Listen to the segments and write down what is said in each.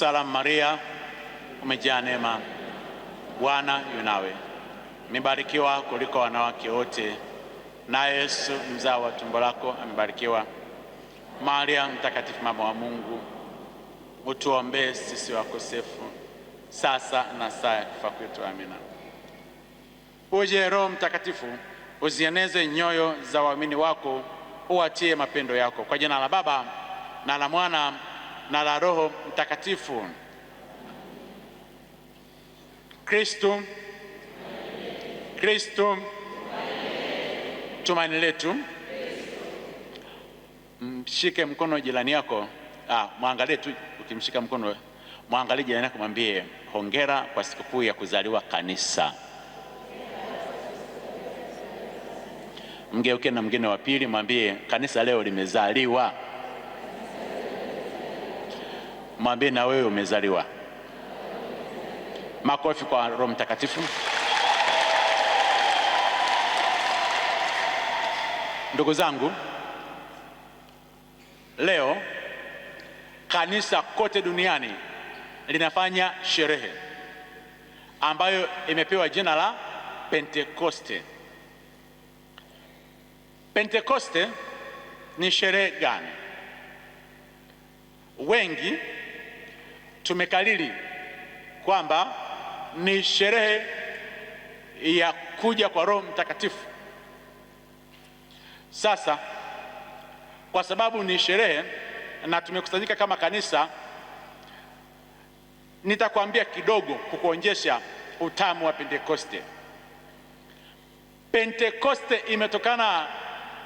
Salamu Maria, umejaa neema, Bwana yu nawe, umebarikiwa kuliko wanawake wote, na Yesu mzao wa tumbo lako amebarikiwa. Maria Mtakatifu, mama wa Mungu, utuombee sisi wakosefu, sasa na saa ya kufa kwetu. Amina. Uje Roho Mtakatifu, uzieneze nyoyo za waamini wako, uwatie mapendo yako. Kwa jina la Baba na la Mwana na la Roho Mtakatifu. Kristu, Kristu tumaini letu. Mshike mkono jirani yako, ah, mwangalie tu. Ukimshika mkono, mwangalie jirani yako, mwambie hongera kwa sikukuu ya kuzaliwa kanisa. Mgeuke na mgeni wa pili, mwambie kanisa leo limezaliwa mwambie na wewe umezaliwa. Makofi kwa Roho Mtakatifu. Ndugu zangu, leo kanisa kote duniani linafanya sherehe ambayo imepewa jina la Pentekoste. Pentekoste ni sherehe gani? Wengi tumekariri kwamba ni sherehe ya kuja kwa Roho Mtakatifu. Sasa kwa sababu ni sherehe na tumekusanyika kama kanisa, nitakwambia kidogo kukuonjesha utamu wa Pentekoste. Pentekoste imetokana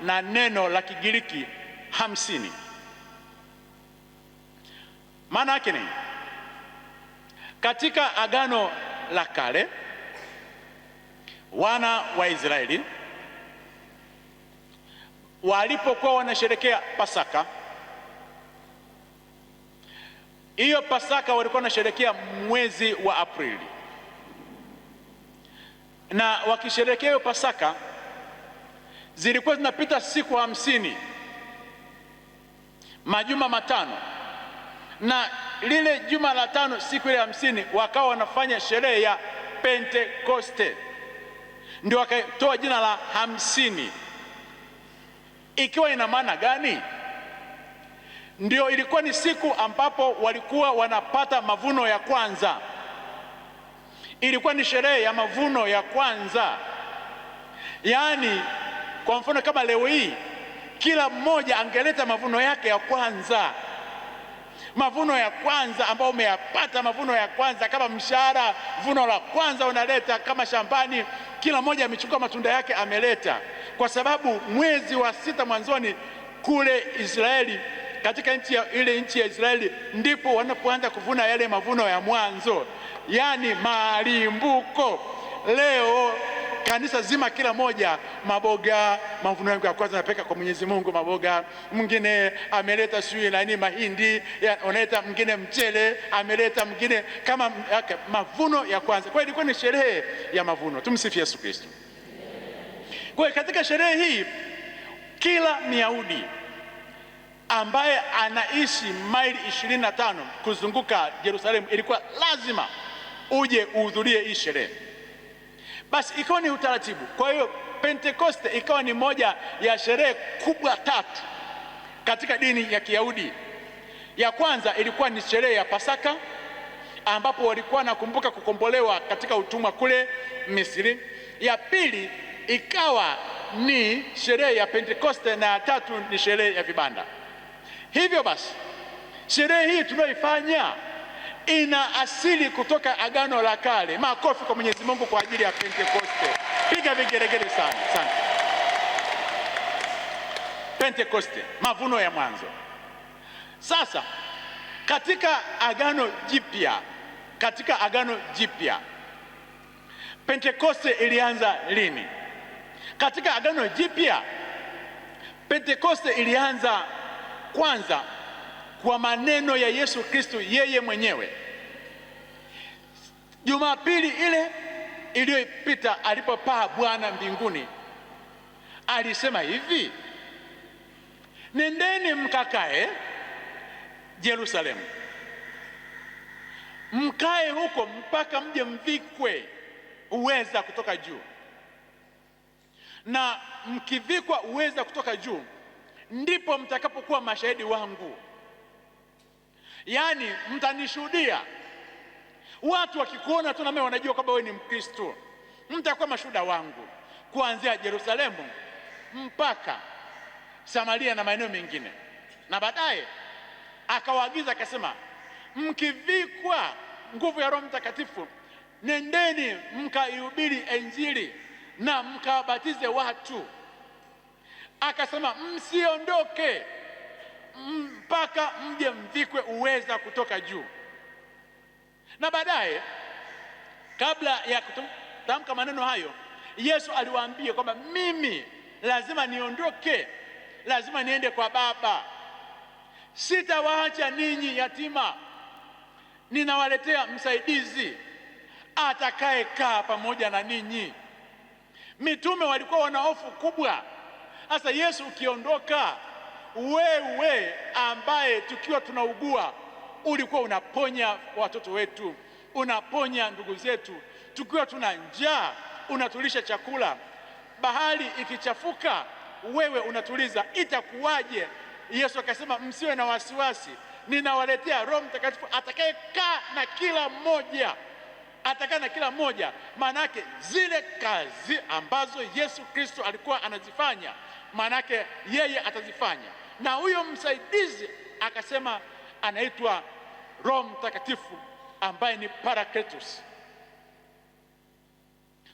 na neno la Kigiriki hamsini. Maana yake nini? Katika Agano la Kale wana wa Israeli walipokuwa wanasherekea Pasaka, hiyo Pasaka walikuwa wanasherekea mwezi wa Aprili, na wakisherekea hiyo Pasaka zilikuwa zinapita siku hamsini, majuma matano na lile juma la tano siku ile hamsini wakawa wanafanya sherehe ya Pentekoste, ndio wakatoa jina la hamsini, ikiwa ina maana gani? Ndio ilikuwa ni siku ambapo walikuwa wanapata mavuno ya kwanza, ilikuwa ni sherehe ya mavuno ya kwanza. Yaani kwa mfano kama leo hii kila mmoja angeleta mavuno yake ya kwanza mavuno ya kwanza ambayo umeyapata, mavuno ya kwanza kama mshahara, vuno la kwanza unaleta kama shambani, kila mmoja amechukua matunda yake ameleta, kwa sababu mwezi wa sita mwanzoni kule Israeli katika nchi ya, ile nchi ya Israeli ndipo wanapoanza kuvuna yale mavuno ya mwanzo, yaani malimbuko leo kanisa zima, kila moja maboga. Mavuno yangu ya kwanza napeka kwa Mwenyezi Mungu maboga, mwingine ameleta sijui nani mahindi, unaleta mwingine mchele ameleta mwingine kama okay, mavuno ya kwanza. Kwa hiyo ilikuwa ni sherehe ya mavuno. Tumsifu Yesu Kristo. Kwa hiyo katika sherehe hii kila Myahudi ambaye anaishi maili 25 kuzunguka Yerusalemu ilikuwa lazima uje uhudhurie hii sherehe. Basi ikawa ni utaratibu. Kwa hiyo Pentekoste ikawa ni moja ya sherehe kubwa tatu katika dini ya Kiyahudi. Ya kwanza ilikuwa ni sherehe ya Pasaka ambapo walikuwa wanakumbuka kukombolewa katika utumwa kule Misri. Ya pili ikawa ni sherehe ya Pentekoste na ya tatu ni sherehe ya vibanda. Hivyo basi sherehe hii tunayoifanya ina asili kutoka Agano la Kale. Makofi kwa Mwenyezi Mungu kwa ajili ya Pentekoste, piga vigeregere sana sana. Pentekoste, mavuno ya mwanzo. Sasa katika Agano Jipya, katika Agano Jipya Pentekoste ilianza lini? Katika Agano Jipya Pentekoste ilianza kwanza kwa maneno ya Yesu Kristo yeye mwenyewe. Jumapili ile iliyopita alipopaa Bwana mbinguni alisema hivi, nendeni mkakae Yerusalemu, mkae huko mpaka mje mvikwe uweza kutoka juu, na mkivikwa uweza kutoka juu ndipo mtakapokuwa mashahidi wangu Yaani mtanishuhudia, watu wakikuona tu na mimi wanajua kwamba wewe ni Mkristo, mtakuwa mashuhuda wangu kuanzia Yerusalemu mpaka Samaria na maeneo mengine. Na baadaye akawaagiza akasema, mkivikwa nguvu ya Roho Mtakatifu, nendeni mkaihubiri Injili na mkawabatize watu. Akasema msiondoke mpaka mje mvikwe uweza kutoka juu. Na baadaye kabla ya kutamka maneno hayo, Yesu aliwaambia kwamba mimi lazima niondoke, lazima niende kwa Baba. Sitawaacha ninyi yatima, ninawaletea msaidizi atakayekaa pamoja na ninyi. Mitume walikuwa wana hofu kubwa. Sasa Yesu ukiondoka wewe ambaye tukiwa tunaugua ulikuwa unaponya watoto wetu, unaponya ndugu zetu. Tukiwa tuna njaa unatulisha chakula. Bahari ikichafuka, wewe unatuliza. Itakuwaje? Yesu akasema, msiwe na wasiwasi, ninawaletea Roho Mtakatifu atakayekaa na kila mmoja atakaa na kila mmoja. Maana yake zile kazi ambazo Yesu Kristo alikuwa anazifanya, maana yake yeye atazifanya na huyo msaidizi akasema anaitwa Roho Mtakatifu ambaye ni Parakletus.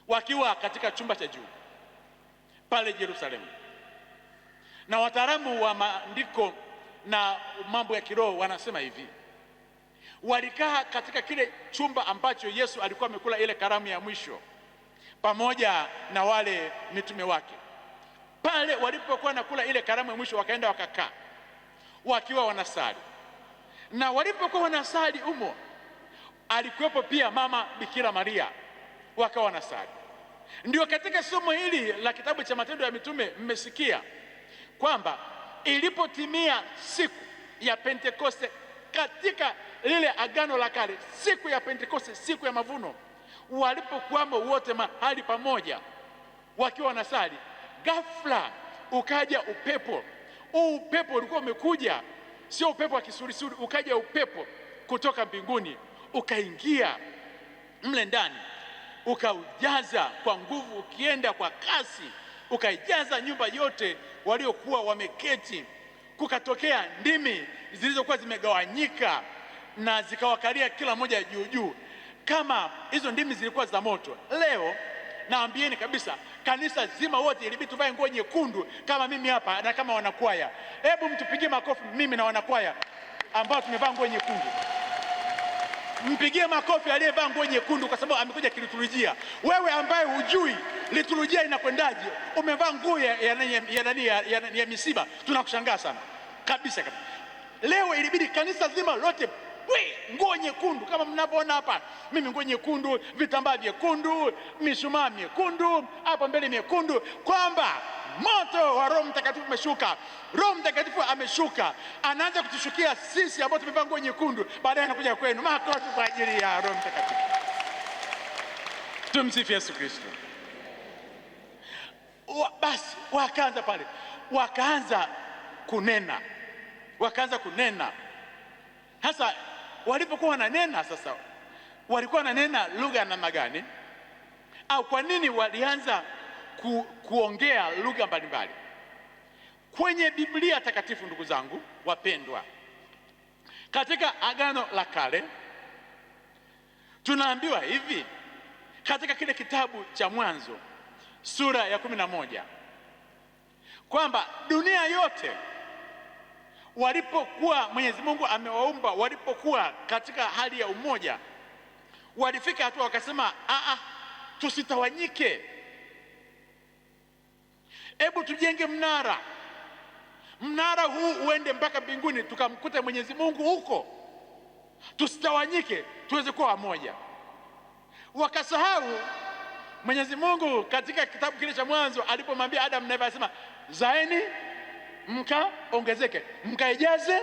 Wakiwa katika chumba cha juu pale Yerusalemu, na wataalamu wa maandiko na mambo ya kiroho wanasema hivi, walikaa katika kile chumba ambacho Yesu alikuwa amekula ile karamu ya mwisho pamoja na wale mitume wake pale walipokuwa na kula ile karamu ya mwisho, wakaenda wakakaa wakiwa wanasali, na walipokuwa wanasali umo alikuwepo pia mama Bikira Maria, wakawa wanasali. Ndio katika somo hili la kitabu cha Matendo ya Mitume mmesikia kwamba ilipotimia siku ya Pentekoste katika lile agano la kale, siku ya Pentekoste, siku ya mavuno, walipokuwamo wote mahali pamoja wakiwa wanasali ghafla ukaja upepo. Huu upepo ulikuwa umekuja, sio upepo wa kisurisuri, ukaja upepo kutoka mbinguni ukaingia mle ndani, ukaujaza kwa nguvu, ukienda kwa kasi, ukaijaza nyumba yote waliokuwa wameketi. Kukatokea ndimi zilizokuwa zimegawanyika na zikawakalia kila moja juu juu, kama hizo ndimi zilikuwa za moto. Leo naambieni kabisa Kanisa zima wote ilibidi tuvae nguo nyekundu kama mimi hapa na kama wanakwaya. Hebu mtupigie makofi mimi na wanakwaya ambao tumevaa nguo nyekundu. Mpigie makofi aliyevaa nguo nyekundu kwa sababu amekuja kiliturujia. Wewe ambaye hujui liturujia inakwendaje, umevaa nguo ya, ya, ya, ya, ya, ya misiba, tunakushangaa sana kabisa kabisa. Leo ilibidi kanisa zima lote nguo nyekundu kama mnavyoona hapa, mimi nguo nyekundu, vitambaa vyekundu, mishumaa myekundu, hapa mbele myekundu, kwamba moto wa Roho Mtakatifu umeshuka. Roho Mtakatifu ameshuka, anaanza kutushukia sisi ambao tumevaa nguo nyekundu, baadaye anakuja kwenu. Makofi kwa ajili ya Roho Mtakatifu. Tumsifu Yesu Kristo. Basi wakaanza pale, wakaanza kunena, wakaanza kunena hasa walipokuwa wananena sasa, walikuwa wananena lugha ya namna gani? Au kwa nini walianza ku, kuongea lugha mbalimbali? Kwenye Biblia takatifu, ndugu zangu wapendwa, katika Agano la Kale tunaambiwa hivi katika kile kitabu cha Mwanzo sura ya kumi na moja kwamba dunia yote walipokuwa Mwenyezi Mungu amewaumba, walipokuwa katika hali ya umoja, walifika hatua wakasema, a a, tusitawanyike, hebu tujenge mnara. Mnara huu uende mpaka mbinguni, tukamkuta Mwenyezi Mungu huko, tusitawanyike, tuweze kuwa wamoja. Wakasahau Mwenyezi Mungu katika kitabu kile cha Mwanzo alipomwambia Adamu na Eva, asema zaeni mkaongezeke, mkaijaze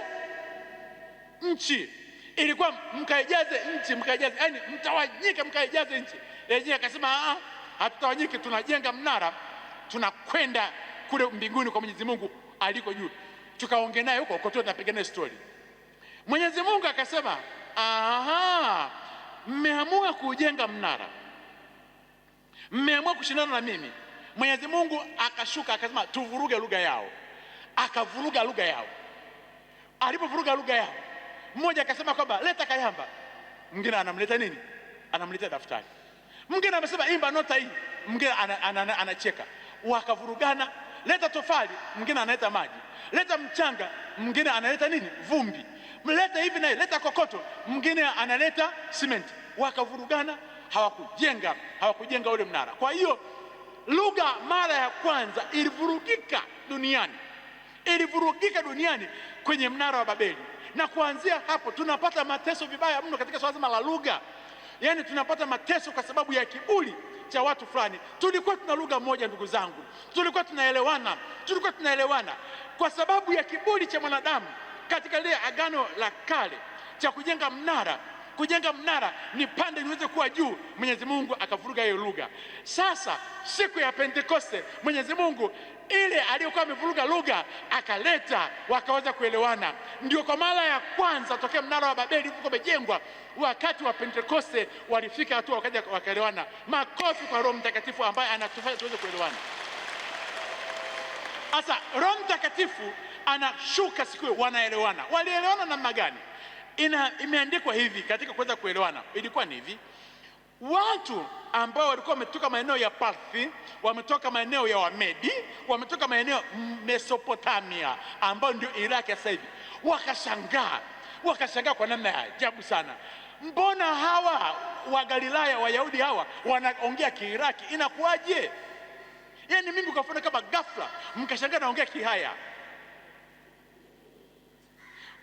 nchi. Ilikuwa mkaijaze nchi, mkaijaze yani mtawanyike, mkaijaze nchi. Yenyewe akasema hatutawanyike, tunajenga mnara, tunakwenda kule mbinguni kwa Mwenyezi Mungu aliko juu, tukaongea naye huko huko, tunapigana story. Mwenyezi Mungu akasema aha, mmeamua kujenga mnara, mmeamua kushindana na mimi. Mwenyezi Mungu akashuka akasema tuvuruge lugha yao akavuruga lugha yao. Alipovuruga lugha yao, mmoja akasema kwamba leta kayamba, mwingine anamleta nini? Anamletea daftari. Mwingine amesema imba nota hii, mwingine anacheka wakavurugana. Leta tofali, mwingine analeta maji. Leta mchanga, mwingine analeta nini? Vumbi. Mleta hivi naye, leta kokoto, mwingine analeta simenti. Wakavurugana, hawakujenga hawakujenga ule mnara. Kwa hiyo lugha mara ya kwanza ilivurugika duniani ilivurugika duniani kwenye mnara wa Babeli, na kuanzia hapo tunapata mateso vibaya mno katika swala zima la lugha. Yaani tunapata mateso kwa sababu ya kiburi cha watu fulani. Tulikuwa tuna lugha moja, ndugu zangu, tulikuwa tunaelewana, tulikuwa tunaelewana. Kwa sababu ya kiburi cha mwanadamu katika lile agano la kale cha kujenga mnara kujenga mnara ni pande niweze kuwa juu. Mwenyezi Mungu akavuruga hiyo lugha. Sasa siku ya Pentekoste Mwenyezi Mungu ile aliyokuwa amevuruga lugha akaleta, wakaweza kuelewana. Ndio kwa mara ya kwanza tokea mnara wa Babeli huko umejengwa, wakati wa Pentekoste walifika hatua wakaja wakaelewana. Makofi kwa Roho Mtakatifu ambaye anatufanya tuweze kuelewana. Sasa Roho Mtakatifu anashuka siku hiyo, wanaelewana. Walielewana namna gani? Ina imeandikwa hivi katika kuweza kuelewana, ilikuwa ni hivi Watu ambao walikuwa wametoka maeneo ya Parthi, wametoka maeneo ya Wamedi, wametoka maeneo Mesopotamia, ambayo ndio Iraki sasa hivi, wakashangaa wakashangaa kwa namna ya ajabu sana, mbona hawa Wagalilaya Wayahudi hawa wanaongea Kiiraki? Inakuwaje? Yaani mimi ukafuna kama ghafla mkashangaa naongea Kihaya.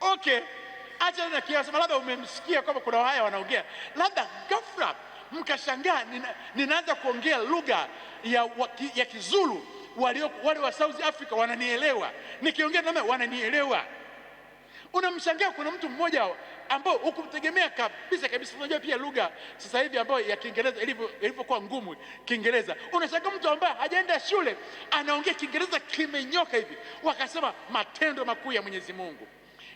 Okay, acha na kiasi, labda umemsikia kwamba kuna Wahaya wanaongea, labda ghafla mkashangaa nina, ninaanza kuongea lugha ya, ya Kizulu walio, wale wa South Africa wananielewa, nikiongea na wananielewa. Unamshangaa, kuna mtu mmoja ambao hukumtegemea kabisa kabisa. Unajua pia lugha sasa hivi ambayo ya Kiingereza ilivyokuwa ngumu, Kiingereza unashangaa mtu ambaye hajaenda shule anaongea Kiingereza kimenyoka hivi, wakasema matendo makuu ya Mwenyezi Mungu,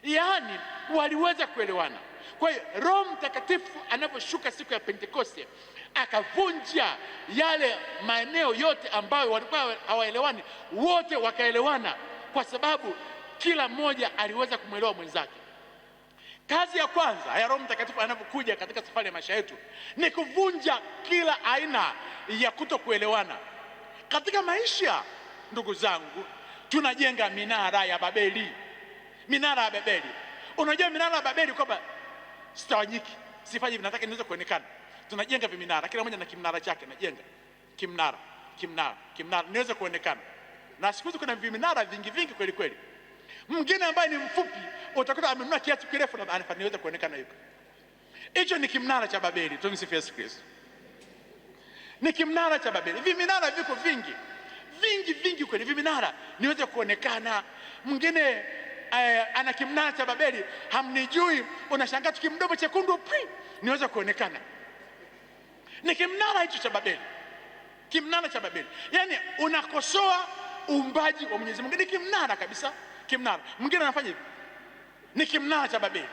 yaani waliweza kuelewana. Kwa hiyo Roho Mtakatifu anaposhuka siku ya Pentekoste akavunja yale maeneo yote ambayo walikuwa hawaelewani, wote wakaelewana, kwa sababu kila mmoja aliweza kumwelewa mwenzake. Kazi ya kwanza ya Roho Mtakatifu anapokuja katika safari ya maisha yetu ni kuvunja kila aina ya kutokuelewana katika maisha. Ndugu zangu, tunajenga minara ya Babeli, minara ya Babeli. Unajua minara ya Babeli kwamba sitawanyiki, sifanye vinataka niweze kuonekana. Tunajenga viminara, kila mmoja na kimnara chake, najenga kimnara, kimnara, kimnara niweze kuonekana. Na siku hizi kuna viminara vingi vingi kweli kweli. Mwingine ambaye ni mfupi utakuta amenunua kiatu kirefu na anafanya niweze kuonekana yuko. Hicho ni kimnara cha Babeli. Tumsifu Yesu Kristo. Ni kimnara cha Babeli. Viminara viko vingi vingi vingi kweli, viminara niweze kuonekana. Mwingine eh, ana kimnaa cha Babeli, hamnijui. Unashangaa tu kimdomo chekundu pri niweza kuonekana, ni kimnara hicho cha Babeli, kimnara cha Babeli. Yani unakosoa uumbaji wa Mwenyezi Mungu, ni kimnara kabisa, kimnara. Mwingine anafanya hivi, ni kimnara cha Babeli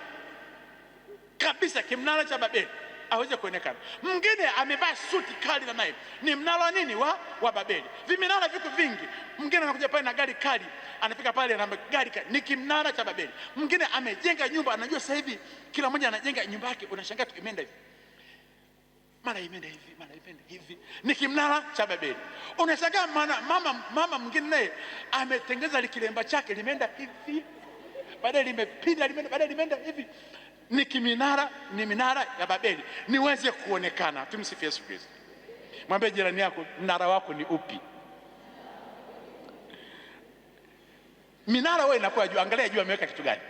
kabisa, kimnara cha Babeli aweze kuonekana. Mwingine amevaa suti kali na naye ni mnalo nini wa wa Babeli, viminara viko vingi. Mwingine anakuja pale na gari kali, anafika pale na gari kali, ni kimnara cha Babeli. Mwingine amejenga nyumba, anajua sasa hivi kila mmoja anajenga nyumba yake, unashangaa tu imeenda hivi mara imeenda hivi mara imeenda hivi, ni kimnara cha Babeli. Unashangaa mama mama mwingine naye ametengeza likilemba chake limeenda hivi, baadaye limepinda, limeenda baadaye limeenda hivi ni kiminara, ni minara ya Babeli niweze kuonekana. Tumsifu Yesu Kristo. Mwambie jirani yako, mnara wako ni upi? Minara wewe inakuwa juu, angalia juu ameweka kitu gani?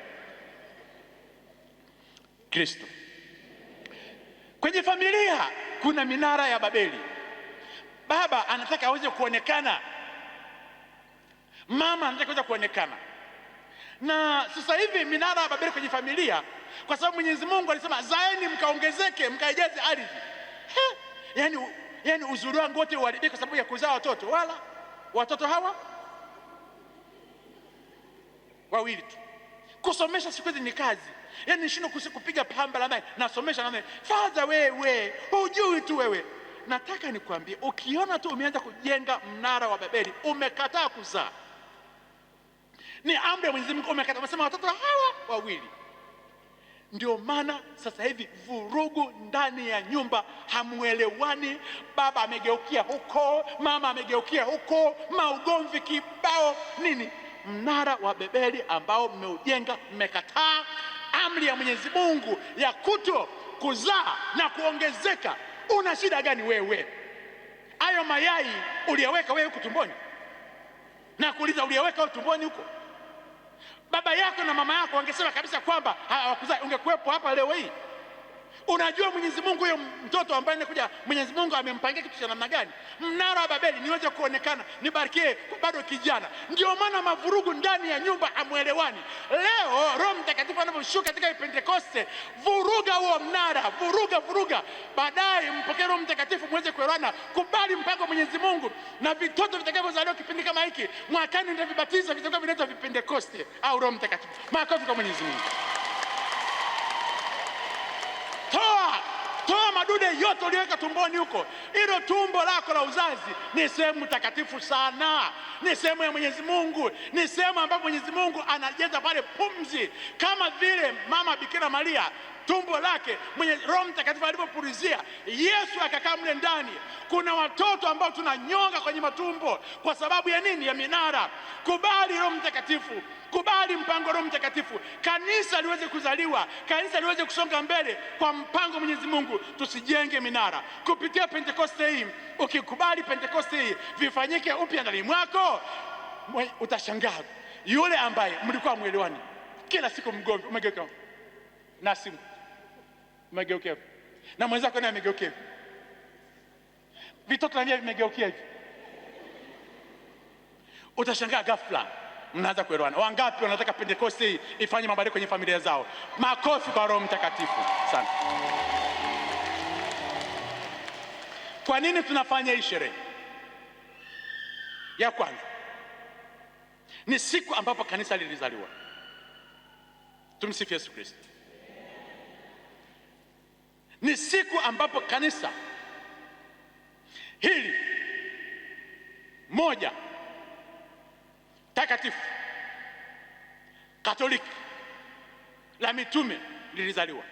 Kristo. Kwenye familia kuna minara ya Babeli. Baba anataka aweze kuonekana, mama anataka aweze kuonekana na sasa hivi minara ya Babeli kwenye familia, kwa sababu Mwenyezi Mungu alisema zaeni mkaongezeke mkaijaze ardhi. Yani, yani uzuri wangu wote uharibike kwa sababu ya kuzaa watoto, wala watoto hawa wawili tu. Kusomesha siku hizi ni kazi, yani nishindwa kupiga pamba la nasomesha na fadha. Wewe hujui tu wewe. Nataka nikwambie, ukiona tu umeanza kujenga mnara wa Babeli, umekataa kuzaa. Ni amri ya Mwenyezi Mungu umekata, Amesema watoto hawa wawili. Ndio maana sasa hivi vurugu ndani ya nyumba, hamwelewani. Baba amegeukia huko, mama amegeukia huko, maugomvi kibao nini. Mnara wa Babeli ambao mmeujenga, mmekataa amri ya Mwenyezi Mungu ya kuto kuzaa na kuongezeka. Una shida gani wewe? Hayo mayai uliyaweka wewe huko tumboni? Na kuuliza uliyaweka tumboni huko? baba yako na mama yako wangesema kabisa kwamba hawakuzai, ungekuwepo hapa leo hii. Unajua Mwenyezi Mungu huyo mtoto ambaye anakuja, Mwenyezi Mungu amempangia kitu cha namna gani? Mnara wa Babeli niweze kuonekana, nibarikie bado kijana. Ndio maana mavurugu ndani ya nyumba amwelewani Leo Roho Mtakatifu anaposhuka katika Pentekoste, vuruga huo mnara, vuruga vuruga, baadaye mpokee Roho Mtakatifu muweze kuelewana. Kubali mpango wa Mwenyezi Mungu, na vitoto vitakavyozaliwa kipindi kama hiki mwakani, ndio vibatizo vitakuwa vinaitwa vipentekoste au Roho Mtakatifu. Makofi kwa Mwenyezi Mungu toa toa madude yote uliweka tumboni huko. Hilo tumbo lako la uzazi ni sehemu takatifu sana, ni sehemu ya Mwenyezi Mungu, ni sehemu ambapo Mwenyezi Mungu anajeza pale pumzi, kama vile mama Bikira Maria tumbo lake, mwenye Roho Mtakatifu alipopulizia, Yesu akakaa mle ndani. Kuna watoto ambao tunanyonga kwenye matumbo kwa sababu ya nini? Ya minara. Kubali Roho Mtakatifu, kubali mpango Roho Mtakatifu, kanisa liweze kuzaliwa, kanisa liweze kusonga mbele kwa mpango Mwenyezi Mungu. Tusijenge minara kupitia Pentekoste hii. Ukikubali Pentekoste hii vifanyike upya ndani mwako, utashangaa yule ambaye mlikuwa mwelewani kila siku mgomvi umegeuka na simu umegeukia hivi na mwenzako naye amegeukia hivi, vitoto navia vimegeukia hivi, utashangaa ghafla mnaanza kuelewana. Wangapi wanataka Pentekoste ifanye mabadiliko kwenye familia zao? Makofi kwa Roho Mtakatifu sana. Kwa nini tunafanya hii sherehe? Ya kwanza ni siku ambapo kanisa lilizaliwa. Tumsifu Yesu Kristo. Ni siku ambapo kanisa hili moja takatifu Katoliki la mitume lilizaliwa,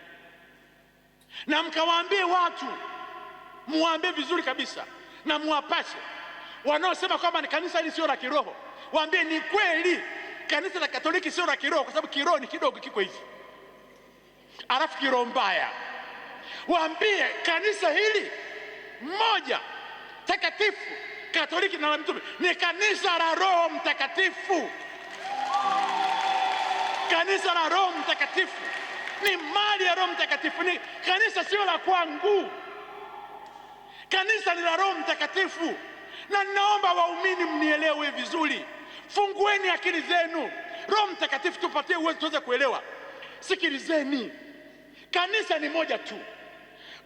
na mkawaambie watu, muwaambie vizuri kabisa na muwapashe wanaosema kwamba ni kanisa hili sio la kiroho, waambie ni kweli, kanisa la Katoliki sio la kiroho, kwa sababu kiroho ni kidogo, kiko hivi, alafu kiroho mbaya waambie kanisa hili moja takatifu Katoliki na la mitume ni kanisa la Roho Mtakatifu. Kanisa la Roho Mtakatifu ni mali ya Roho Mtakatifu, ni kanisa, sio la kwangu. Kanisa ni la Roho Mtakatifu, na ninaomba waumini mnielewe vizuri. Fungueni akili zenu, Roho Mtakatifu tupatie uwezo tuweze kuelewa. Sikilizeni, kanisa ni moja tu.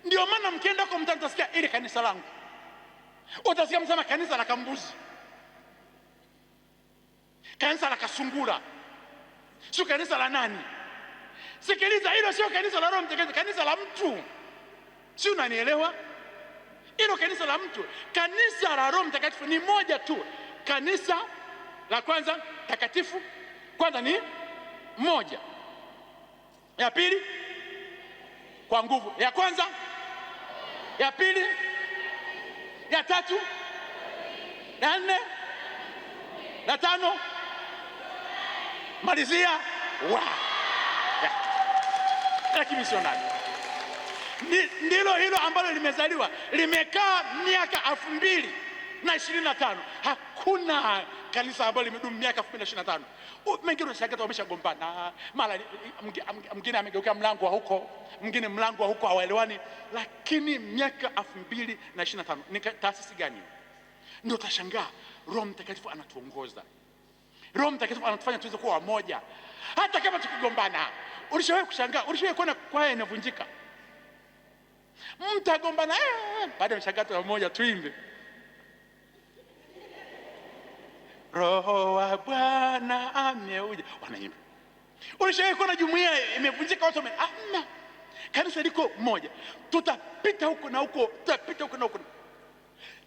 Ndio maana mkienda huko mtasikia ili kanisa langu, utasikia msema kanisa la kambuzi, kanisa la kasungura, sio kanisa la nani. Sikiliza, hilo sio kanisa la Roho Mtakatifu, kanisa la mtu. Si unanielewa? Hilo kanisa la mtu. Kanisa la Roho Mtakatifu ni moja tu. Kanisa la kwanza takatifu kwanza ni moja, ya pili kwa nguvu. Ya kwanza, ya pili, ya tatu, ya nne na tano, malizia wa la kimisionari. Ndilo hilo ambalo limezaliwa limekaa miaka elfu mbili na ishirini na tano hakuna kanisa ambalo limedumu miaka 2025. mwingine unashangaa wameshagombana, mara mwingine amegeuka mlango wa huko, mwingine mlango wa huko, hawaelewani. Lakini miaka 2025 ni taasisi gani? Ndio utashangaa Roho Mtakatifu anatuongoza, Roho Mtakatifu anatufanya tuweze kuwa wamoja hata kama tukigombana. Ulishawahi kushangaa? Ulishawahi kuona kwaya inavunjika, mtagombana, eh, baada ya mshangaa, tunamoja tuimbe Roho wa Bwana ameuja, wanaimba. Ulishawahi kuona jumuiya imevunjika watu wame amna, kanisa liko moja, tutapita huko na huko, tutapita huko na huko.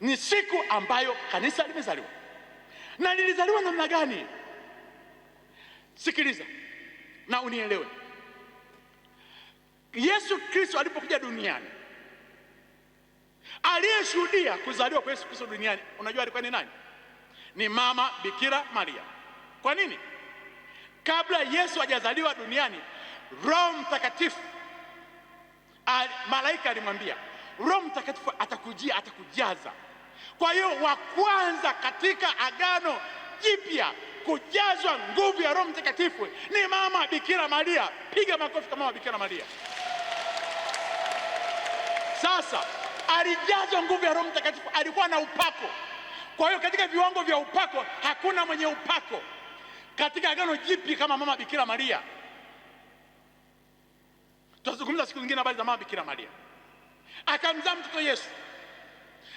Ni siku ambayo kanisa limezaliwa. Na lilizaliwa namna gani? Sikiliza na unielewe. Yesu Kristo alipokuja duniani, aliyeshuhudia kuzaliwa kwa Yesu Kristo duniani, unajua alikuwa ni nani? ni mama Bikira Maria. Kwa nini? Kabla Yesu hajazaliwa duniani, Roho Mtakatifu al, malaika alimwambia Roho Mtakatifu atakujia, atakujaza. Kwa hiyo wa kwanza katika Agano Jipya kujazwa nguvu ya Roho Mtakatifu ni mama Bikira Maria. Piga makofi kwa mama Bikira Maria. Sasa alijazwa nguvu ya Roho Mtakatifu, alikuwa na upako kwa hiyo katika viwango vya upako hakuna mwenye upako katika Agano Jipya kama mama Bikira Maria. Tutazungumza siku nyingine habari za mama Bikira Maria, akamzaa mtoto Yesu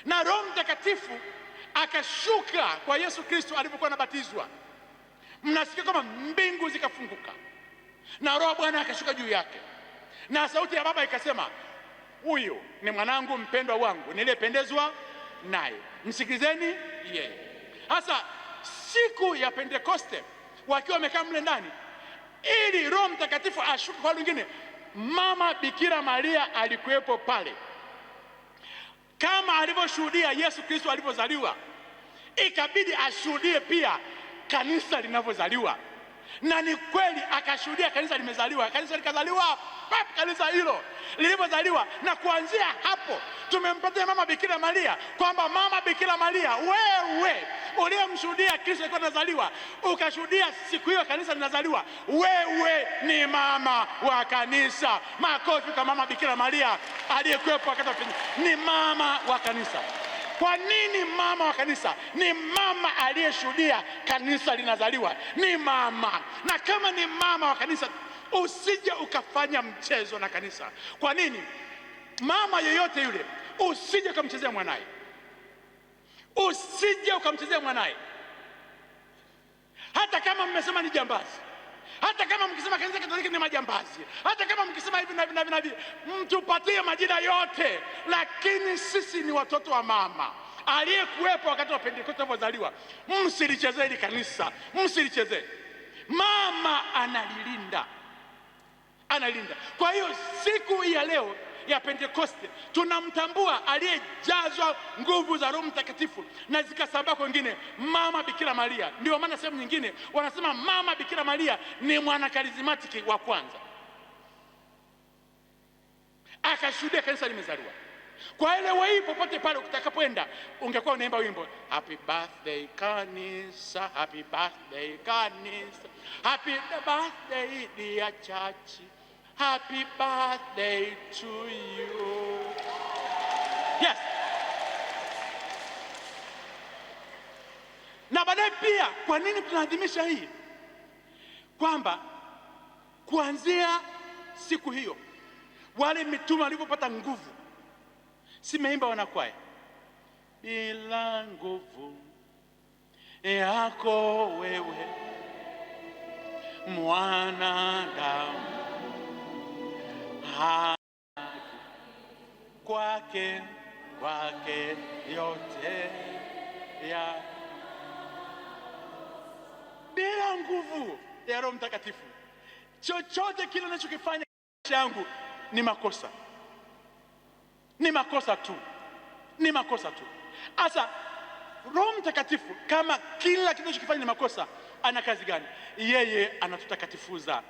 na Roho Mtakatifu akashuka kwa Yesu Kristo alipokuwa anabatizwa. Mnasikia kama mbingu zikafunguka na Roho Bwana akashuka juu yake, na sauti ya Baba ikasema, huyu ni mwanangu mpendwa wangu niliyependezwa naye, msikilizeni yeye. Sasa siku ya Pentekoste wakiwa wamekaa mle ndani, ili Roho Mtakatifu ashuke kwa wengine, mama Bikira Maria alikuwepo pale, kama alivyoshuhudia Yesu Kristo alivyozaliwa, ikabidi ashuhudie pia kanisa linavyozaliwa na ni kweli akashuhudia kanisa limezaliwa, kanisa likazaliwa pap, kanisa hilo lilivyozaliwa, na kuanzia hapo tumempatia mama Bikira Maria kwamba mama Bikira Maria, wewe uliyemshuhudia Kristo akiwa anazaliwa, ukashuhudia siku hiyo kanisa linazaliwa, wewe ni mama wa kanisa. Makofi kwa mama Bikira Maria aliyekuwepo wakati ni mama wa kanisa. Kwa nini mama wa kanisa? Ni mama aliyeshuhudia kanisa linazaliwa, ni mama. Na kama ni mama wa kanisa, usije ukafanya mchezo na kanisa. Kwa nini? Mama yoyote yule, usije ukamchezea mwanaye, usije ukamchezea mwanaye, hata kama mmesema ni jambazi, hata kama mkisema kanisa Katoliki ni majambazi, hata kama mkisema hivi na hivi na hivi mtupatie majina yote, lakini sisi ni watoto wa mama aliyekuwepo wakati wa Pentekoste alipozaliwa. Msilichezee hili kanisa, msilichezee. Mama analilinda, analinda. Kwa hiyo siku ya leo ya Pentekoste tunamtambua aliyejazwa nguvu za Roho Mtakatifu na zikasambaa kwengine, mama Bikira Maria. Ndio maana sehemu nyingine wanasema mama Bikira Maria ni mwanakarizmatiki wa kwanza, akashuhudia kanisa limezaliwa. Kwa elewa hii, popote pale utakapoenda, ungekuwa unaimba wimbo happy birthday kanisa, happy birthday kanisa, happy birthday dia chachi Happy birthday to you. Yes. Na baadaye pia, kwa nini tunaadhimisha hii? Kwamba kuanzia siku hiyo wale mitume walivyopata nguvu, simeimba wanakwaya, bila nguvu yako e wewe mwanadamu haki kwake kwake yote ya bila nguvu ya Roho Mtakatifu, chochote kile ninachokifanya changu ni makosa, ni makosa tu, ni makosa tu. Sasa Roho Mtakatifu, kama kila kitu ninachokifanya ni makosa, ana kazi gani? Yeye anatutakatifuza.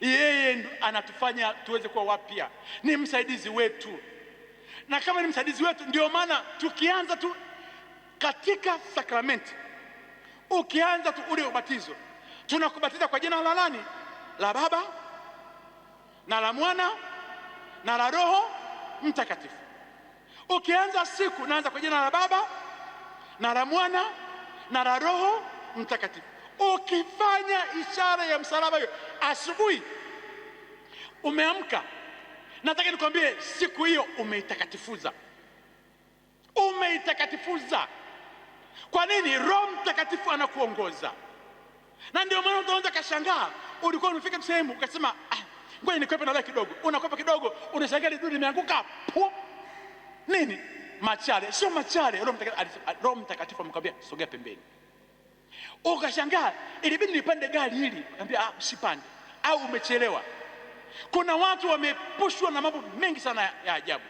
Yeye anatufanya tuweze kuwa wapya, ni msaidizi wetu, na kama ni msaidizi wetu, ndio maana tukianza tu katika sakramenti, ukianza tu ule ubatizo, tunakubatiza kwa jina la nani? La Baba na la Mwana na la Roho Mtakatifu. Ukianza siku, naanza kwa jina la Baba na la Mwana na la Roho Mtakatifu. Ukifanya ishara ya msalaba hiyo asubuhi, umeamka, nataka nikwambie, siku hiyo umeitakatifuza, umeitakatifuza. Kwa nini? Roho Mtakatifu anakuongoza, na ndio maana utaanza kashangaa. Ulikuwa umefika sehemu ukasema, ah, ngoja nikwepe na kidogo, unakwepa kidogo, unashangaa dudu limeanguka pu nini, machale sio machale. Roho Mtakatifu amkwambia, sogea pembeni. Ukashangaa ilibidi nipande gari hili, ambia ah, usipande au umechelewa. Kuna watu wamepushwa na mambo mengi sana ya ajabu.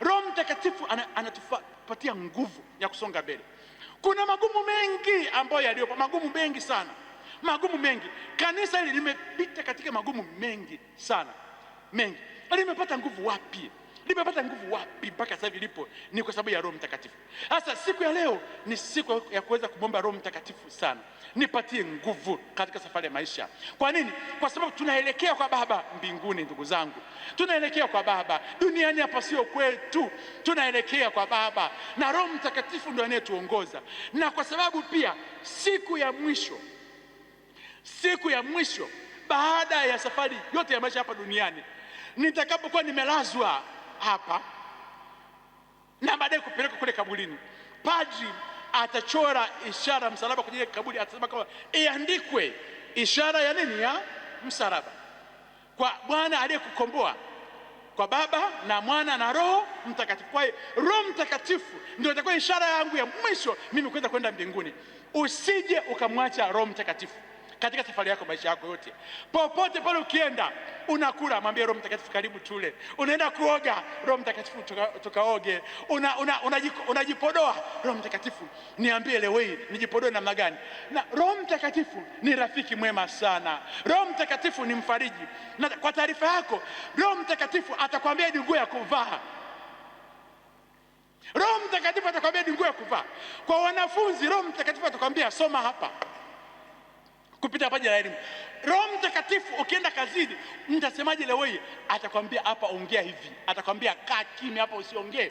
Roho Mtakatifu anatupatia ana nguvu ya kusonga mbele. Kuna magumu mengi ambayo yaliyopo, magumu mengi sana, magumu mengi. Kanisa hili limepita katika magumu mengi sana, mengi. Limepata nguvu wapi? Nimepata nguvu wapi mpaka sasa hivi lipo? Ni kwa sababu ya Roho Mtakatifu. Sasa siku ya leo ni siku ya kuweza kumwomba Roho Mtakatifu sana, nipatie nguvu katika safari ya maisha. Kwa nini? Kwa sababu tunaelekea kwa Baba mbinguni, ndugu zangu, tunaelekea kwa Baba. Duniani hapa sio kwetu, tunaelekea kwa Baba na Roho Mtakatifu ndio anayetuongoza, na kwa sababu pia siku ya mwisho, siku ya mwisho baada ya safari yote ya maisha hapa duniani, nitakapokuwa nimelazwa hapa na baadaye kupelekwa kule kaburini. Padri atachora ishara msalaba kwenye ile kaburi, atasema kwamba iandikwe ishara ya nini? Ya msalaba, kwa Bwana aliyekukomboa kwa Baba na Mwana na Roho Mtakatifu. Kwa hiyo Roho Mtakatifu ndio itakuwa ishara yangu ya mwisho mimi kuweza kwenda mbinguni. Usije ukamwacha Roho Mtakatifu katika safari yako, maisha yako yote, popote pale ukienda, unakula, mwambie Roho Mtakatifu, karibu tule. Unaenda kuoga, Roho Mtakatifu, tukaoge. Una, una, unajipodoa, Roho Mtakatifu, niambie leo hii nijipodoe namna gani? Na Roho Mtakatifu ni rafiki mwema sana. Roho Mtakatifu ni mfariji. Na kwa taarifa yako, Roho Mtakatifu atakwambia ni nguo ya kuvaa. Roho Mtakatifu atakwambia ni nguo ya kuvaa. Kwa wanafunzi, Roho Mtakatifu atakwambia soma hapa kupita paja la elimu. Roho Mtakatifu, ukienda kazini, mtasemaje leo hii? Atakwambia hapa ongea hivi, atakwambia kaa kimya hapa usiongee.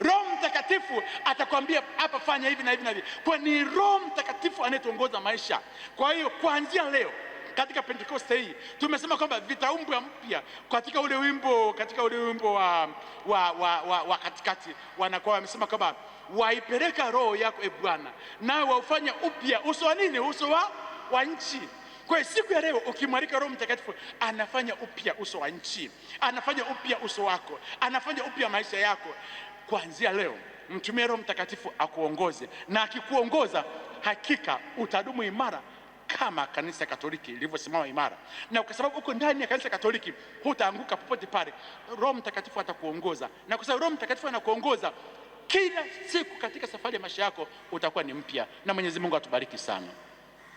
Roho Mtakatifu atakwambia hapa fanya hivi na hivi na hivi, kwa ni Roho Mtakatifu anayetuongoza maisha. Kwa hiyo kuanzia leo katika Pentekoste hii tumesema kwamba vitaumbwa mpya katika ule wimbo, katika ule wimbo wa, wa, wa, wa, wa katikati wanakuwa wamesema kwamba waipeleka roho yako e Bwana, nawe waufanya upya uso wa nini? Uso wa wa nchi. Kwa siku ya leo ukimwalika Roho Mtakatifu anafanya upya uso wa nchi, anafanya upya uso wako, anafanya upya maisha yako. Kuanzia leo mtumie Roho Mtakatifu akuongoze, na akikuongoza hakika utadumu imara kama kanisa Katoliki lilivyosimama imara, na kwa sababu uko ndani ya kanisa Katoliki hutaanguka popote pale. Roho Mtakatifu atakuongoza, na kwa sababu Roho Mtakatifu anakuongoza kila siku katika safari ya maisha yako, utakuwa ni mpya. Na Mwenyezi Mungu atubariki sana.